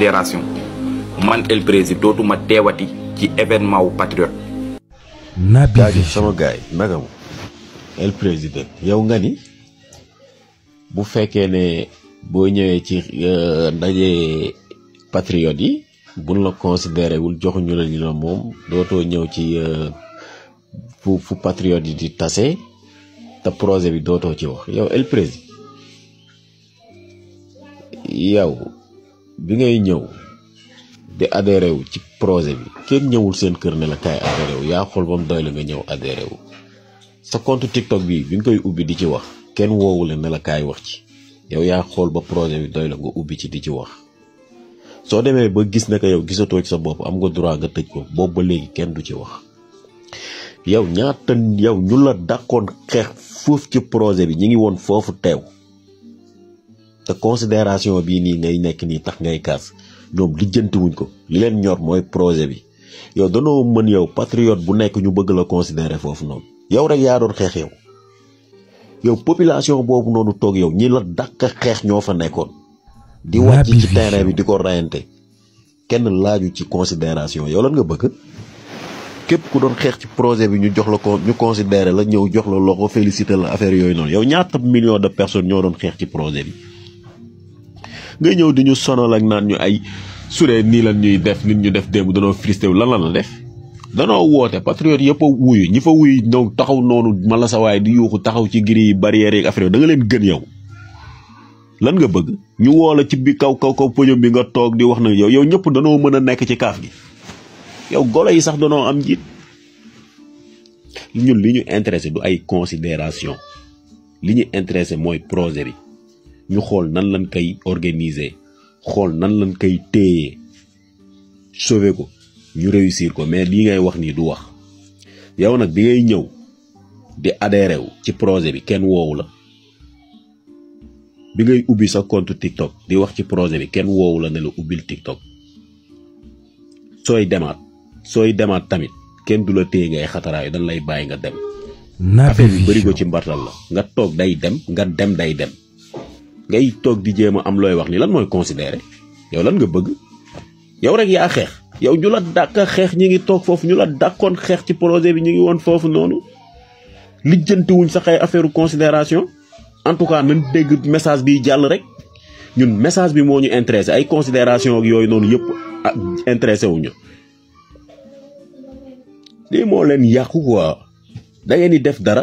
considération man El président dootuma ci événement wu patriote. Nabi... Vision sama gars El Président yow nga ni bu ne ci euh, patriote la considéré wul la ñu la euh, patriote bi bi ngay ñëw di adhéré wu ci projet bi kenn ñëwul seen kër ne la yaa xool ba mu doy nga ñëw adhéré wu sa compte TikTok bi bi nga koy ubbi di ci wax kenn woowu la ne la kaay wax ci yow yaa xool ba projet bi doy la nga ubbi ci di ci wax soo demee ba gis naka yow gisatoo ci sa bopp am nga droit nga tëj ko boobu ba léegi kenn du ci wax yow ñaata yow ñu la dàqoon xeex foofu ci projet bi ñi ngi woon foofu teew te considération bii nii ngay nekk nii tax ngay kaas ñoom lijjanti ko li leen ñor mooy projet bi yow danoo mën yow patriote bu nekk ñu bëgg la considérer foofu noonu yow rek yaa doon yow yow population boobu noonu toog yow ñi la dàq xeex ñoo fa nekkoon di wàcc ci terrain bi di ko rayante kenn laaju ci considération yow lan nga bëgg képp ku doon xeex ci projet bi ñu jox la ko ñu considéré la ñëw jox la loo loxo félicité la affaire yooyu noonu yow ñaata millions de personnes ñoo doon xeex ci projet bi ngay ñëw di ñu sonal ak naan ñu ay suree nii lan ñuy def nit ñu def démb danoo fristé wu lan lan la def danoo woote patriote yëpp a wuyu ñi fa wuyu donc taxaw noonu mala sa waay di yuuxu taxaw ci giri yi barrières yeeg affaire da leen gën yow lan nga bëgg ñu woola ci bi kaw kaw kaw podium bi nga toog di wax na yow yow ñëpp danoo mën a nekk ci kaaf gi yow golo yi sax danoo am njiit li ñu intéressé du ay considération li ñu intéressé mooy projet bi ñu xool nan lañ koy organiser xool nan lañ koy téye sauver ko ñu réussir ko mais lii ngay wax nii du wax yow nag bi ngay ñëw di adhéré wu ci projet bi kenn woowu la bi ngay ubbi sa compte TikTok di wax ci projet bi kenn woowu la ne la ubbil TikTok sooy demaat sooy demaat tamit kenn du la téye ngay xataraayu dañ lay bàyyi nga dem. affaire bi bëri ko ci mbartal la nga toog day dem nga dem day dem. ngay toog di jéem a am looy wax ni lan mooy considéré yow lan nga bëgg yow rek yaa xeex yow ñu la dàkka xeex ñi ngi toog foofu ñu la dàkkoon xeex ci projet bi ñu ngi woon foofu noonu lijjantiwuñ sax ay affaire considération en tout cas nañ dégg message bi jàll rek ñun message bi moo ñu intéressé ay considération yooyu noonu yëpp ah, intéressé wuñu lii moo leen yàqu quoi da ngeen di def dara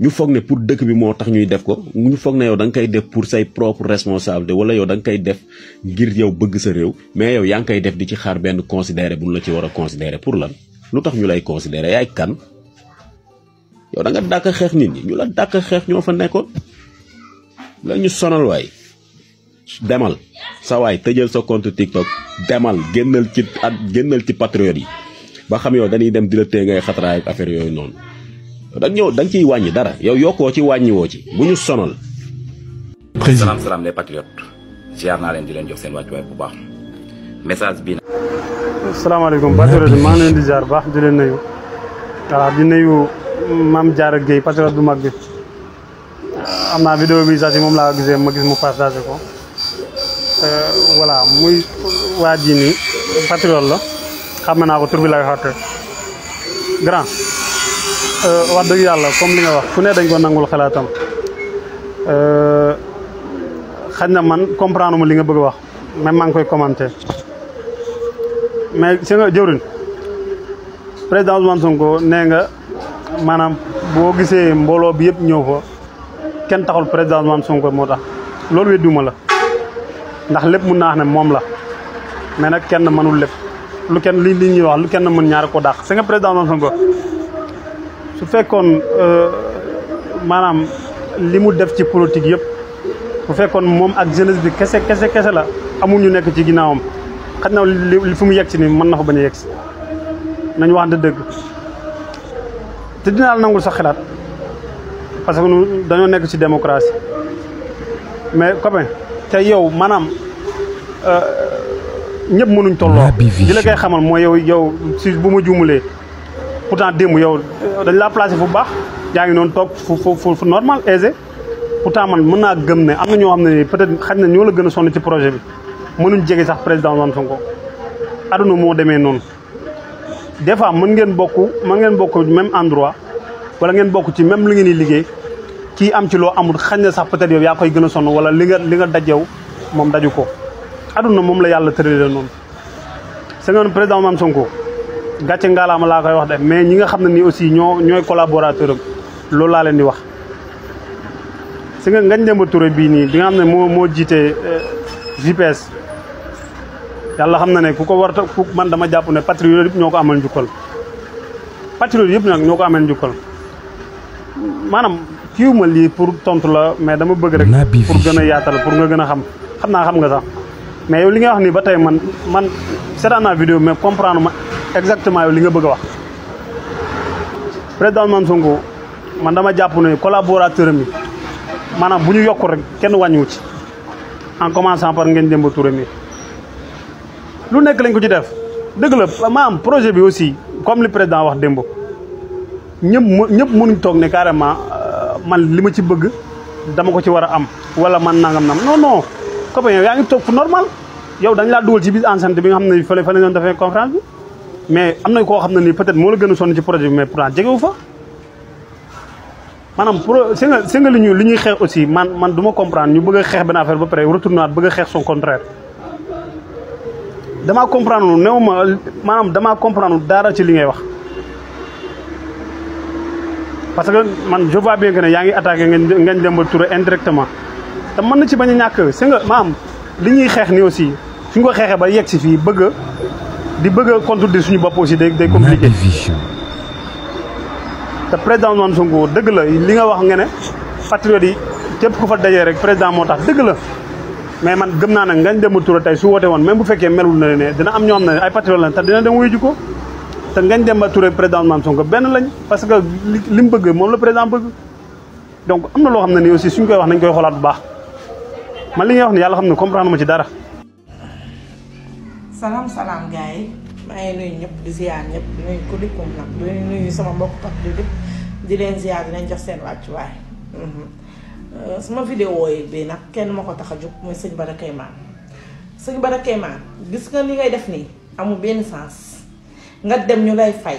ñu foog ne pour dëkk bi moo tax ñuy def ko ñu foog ne yow da nga koy def pour say propre responsabilité wala yow danga nga koy def ngir yow bëgg sa réew mais yow yaa ngi koy def di ci xaar benn considéré bu ñu la ci wara a pour lan lu tax ñu lay considéré yaay kan yow da dàkk xeex nit ñi ñu la dàkk xeex ñoo fa nekkoon la ñu sonal waay demal sa waay tëjal sa compte TikTok demal génnal ci at génnal ci patriote yi ba xam yow dañuy dem di la téye ngay xatraay affaire yooyu noonu da ñëw da ciy wàññi dara yow yokkoo ci wàññiwoo ci bu ñu sonal. président salaam salaam les patriotes ziar naa leen di leen jox seen wàccuwaay bu baax message bi. salaamaaleykum patriote maa ngi leen di ziar baax di leen nuyu nuyu maam Diarra Guèye patriote bu mag bi am naa vidéo bi sax si moom laa gisee ma gis mu partagé ko euh, voilà muy waa ji nii patriote la xam naa ko tur lay xatte grand. Euh, wax dëgg yàlla comme li nga wax ku ne dañ ko nangul xalaatam euh, xañ na man comprendre mu li nga bëgg wax mais maa ngi koy commenté mais si nga jëwriñ président Ousmane Sonko nee nga maanaam boo gisee mbooloo bi yëpp ñëw fa kenn taxul président Ousmane Sonko moo tax loolu wedduma la ndax lépp mun naa wax ne moom la mais nag kenn mënul lépp lu kenn li li ñuy wax lu kenn mën ñaari ko dàq si nga président Ousmane su fekkoon euh, maanaam li mu def ci politique yëpp bu fekkoon moom ak jeunesse bi kese kese kese la amul ñu nekk ci ginnaawam xaj na li fu mu yegg si ni mën na fa bañ a yegg nañu nañ wax dëgg te dinaa la nangul sax xalaat parce que dañoo nekk ci démocratie mais copain te yow maanaam euh, ñëpp mënuñ tolloo. di la koy xamal mooy yow yow si bu ma juumalee. pourtant dem yow dañ la placer fu bax yaa ngi noonu toog fu fu fu normal aisé pourtant man meuna gëm né amna ño xamné peut être xaj na ñoo la gëna a sonn ci projet bi mënuñ jege sax président Ousmane Sonko aduna mo démé non des fois mën ngeen bokku ma ngeen bokku même endroit wala ngeen bokku ci même li ngeen di ki am ci lo amul xaj na sax peut être yow ya koy gëna a sonn wala li nga li nga dajew moom daju ko aduna mom la yalla yàlla non sa ngeen président Ousmane Sonko gatché ngaalaama la koy wax de mais ñi nga xamné ni aussi ño ñoy collaborateur am la laa leen di wax ci nga ngañ dem Touré bi ni bi nga xamné mo mo jité GPS eh, yalla xamna na ne ku warta ku man dama japp ne patriote yëpp ñoko amal njukkal patriote yëpp nak ñoko amal njukkal manam kiiwuma li pour tontu la mais dama bëgg rek pour gëna yaatal pour nga gëna xam xamna xam nga sax mais yow li nga wax ni ba tey man man seetaan naa vidéo mais comprendre exactement yow li nga bëgg a wax président man songo man dama japp ne collaborateur mi manam buñu yok rek kenn wañu ci en commençant par ngeen dembe Touré mi lu nekk lañ ko ci def deug la maam projet bi aussi comme le président wax démb ñepp ñepp mënu tok ne carrément euh, man lima ma ci bëgg dama ko ci wara am wala man nangam nam non non copain yow yaa ngi fu normal yow dañ la dugal ci bis enceinte bi nga xam ne fa fële ñoon defee conférence bi mais am na koo xam ne nii peut-être moo la gën a sonn ci projet bi mais pourtant jegewu fa maanaam pro li ñu li ñuy xeex aussi man man du ma comprendre ñu bëgg a xeex benn affaire ba pare retourné waat bëgg a xeex son contraire. damaa comprendre néew ma maanaam damaa comprendre dara ci li ngay wax parce que man je vois yaa ngi attaqué ngeen ngeen Demba Touré indirectement te mën na ci bañ a ñàkk si nga li ñuy xeex ni aussi suñ ko xeexee ba yegg si fii bëgg di bëgg a contredire suñu bop aussi day day compliqué ta président Ousmane Sonko dëgg la li nga wax nga ne patriote yi képp ku fa dajé rek président moo tax dëgg la mais man gëm na nag ngañ dem tour tay su woté won même bu féké melul na né dina am ñoo na ay patriote lan ta dina dem wuyu ji ta ngañ dem ba Touré président Ousmane Sonko ben lañ parce que lim bëgg mom le président bëgg donc amna lo loo ni aussi suñ koy wax nañ koy xolaat bu baax man li nga wax ni yalla xam comprendre ma ci dara salaam salaam gars yi maa ngi ñëpp di ziar ñëpp di ku dikkum nag di nuyu sama mbokk tax di di leen ziar di leen jox seen wàccuwaay. Mhm. Euh, sama vidéo yi bii nag kenn ma ko tax a jóg muy sëñ Bada Keman sëñ Bada Keman gis nga li ngay def nii amul benn sens nga dem ñu lay fay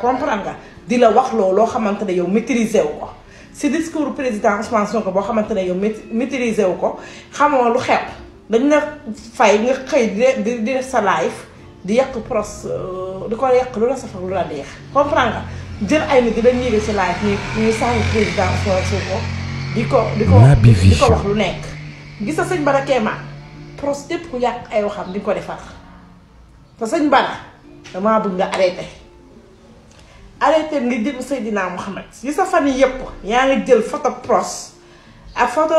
comprendre nga di la wax loolu loo xamante ne yow maîtriser wu ko. si discours président Ousmane Sonko boo xamante ne yow maîtriser wu ko xamoo lu xew. dañ na fay nga xëy di di def sa life di yàq pros di ko yàq lu la sa ak lu la neex comprendre nga jël ay nit di leen yéege ci life ñu ñu sang président so ko di ko di ko di ko wax lu nekk gis sa sëñ Bara ma pros tepp ku yàq ay waxam di ko defar sa sëñ Bara dama bëgg nga arrêté arrêté nga jël Seydina Mouhamed gis sa fan yépp yaa ngi jël photo pros ak photo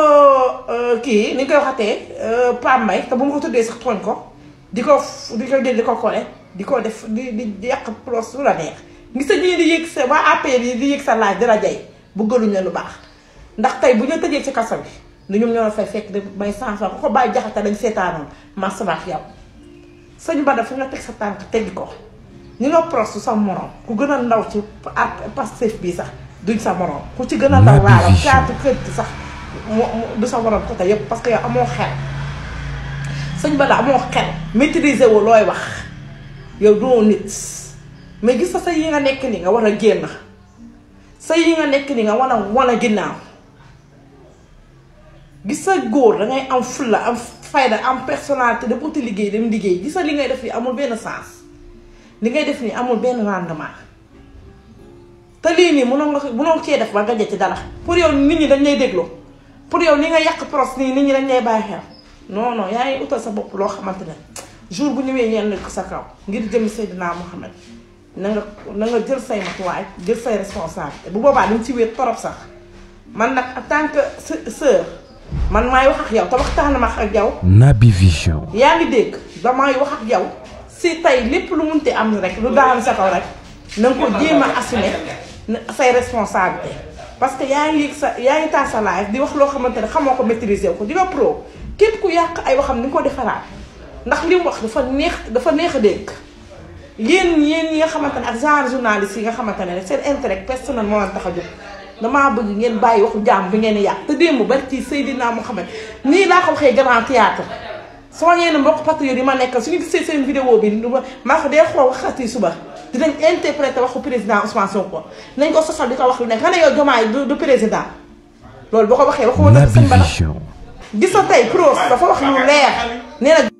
euh, kii ni ñu koy waxatee euh, Pape Mbaye te bu ma ko tuddee sax tooñ ko di ko di ko di ko kole di ko def di di yàq plos lu la neex ngi sa ñii di yëg sa waa APR yi di yëg sa laaj di la jay bëggaluñ la lu baax ndax tey bu ñu tëjee ci kaso bi nu ñoom ñoo fay fekk di may sans ko ko bàyyi jaxata dañ seetaanoon marsamaak yow sëñ Bada fu nga teg sa tànk teggi ko ñu nga pros sax morom ku gën a ndaw ci Pastef bi sax duñ sa morom ku ci gën a ndaw laala kaatu kër moo du sa waral côté yëpp parce que yow amoo xel sëñ Bada amoo xel maîtriser woo looy wax yow doo nit mais gis sa sa yi nga nekk nii nga war a génn sa yi nga nekk ni nga war a wan ginnaaw gis sa góor dangay am fulla am fayda am personnalité da buti liggéey dem liggéey gis sa li ngay def ni amul benn sens li ngay def ni amul benn rendement te lii nii mënoo nga mënoo cee def ba nga jël ci dara pour yow nit ñi dañ lay déglu pour yow li nga yàq pros nii nit ñi dañ lay bàyyi xel non non yaa ngi utal sa bopp loo xamante ne jour bu ñëwee ñeen ko sa kaw ngir jëm Seydina Muhammad na nga na nga jël say matuwaay jël say responsabilité bu boobaa dañ si wéet torop sax man nag en tant que sœur man maay wax ak yow te waxtaan max ak yow. Naby Vision. yaa ngi dégg damay wax ak yow si tey lépp lu munti am rek lu daan sa kaw rek na ko jéem a assumer say responsabilité parce que yaa ngi lii sa yaa ngi taal sa live di wax loo xamante ne xamoo ko maîtriser wu ko di nga pro képp ku yàq ay waxam ni nga ko defaraat ndax li mu wax dafa neex dafa neex a dégg yéen yéen ñi nga xamante ne ak genre journaliste yi nga xamante ne seen intérêt personnel moo leen tax a jóg damaa bëgg ngeen bàyyi waxu jaam bi ngeen yàq te démb bari ci Seydina Mouhamed nii laa ko waxee grand théâtre soo ñenn mbokk patriote yi ma nekk suñu gisee seen vidéo bi maa ko dee suba dinañ interpréter waxu président Ousmane Sonko nañ ko sosal di ko wax lu nekk xanaa yow Diomaye du du président loolu boo ko waxee waxu woon na sëñ Bada gis sa tey Pros dafa wax lu leer nee na